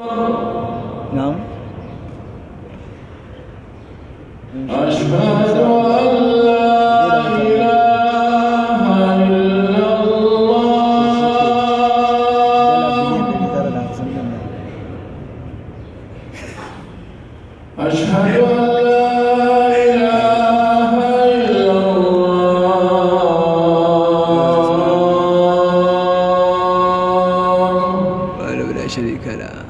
نعم أشهد أن لا إله إلا الله أشهد أن لا إله إلا الله ولا شريك له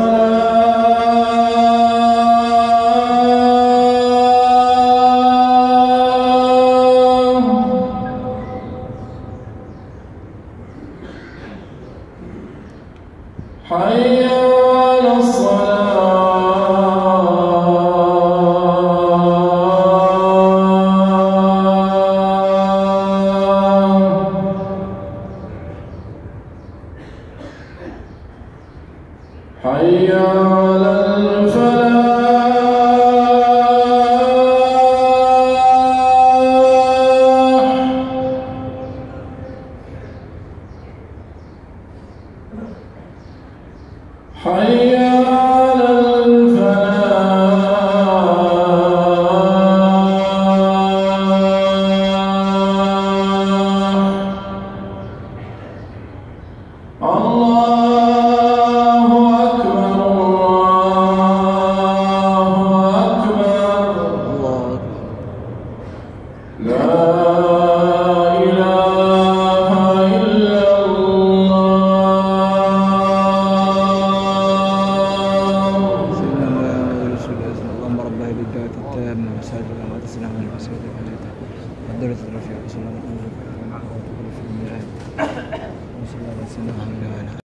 حي على الصلاه حي على الفلاح Hi. الداعي للدعوة التامة وسائر الأموات السلام على المسعود المسجد والدولة الرفيعة وصلى الله عليه وسلم وعلى آله وصحبه وسلم وعلى آله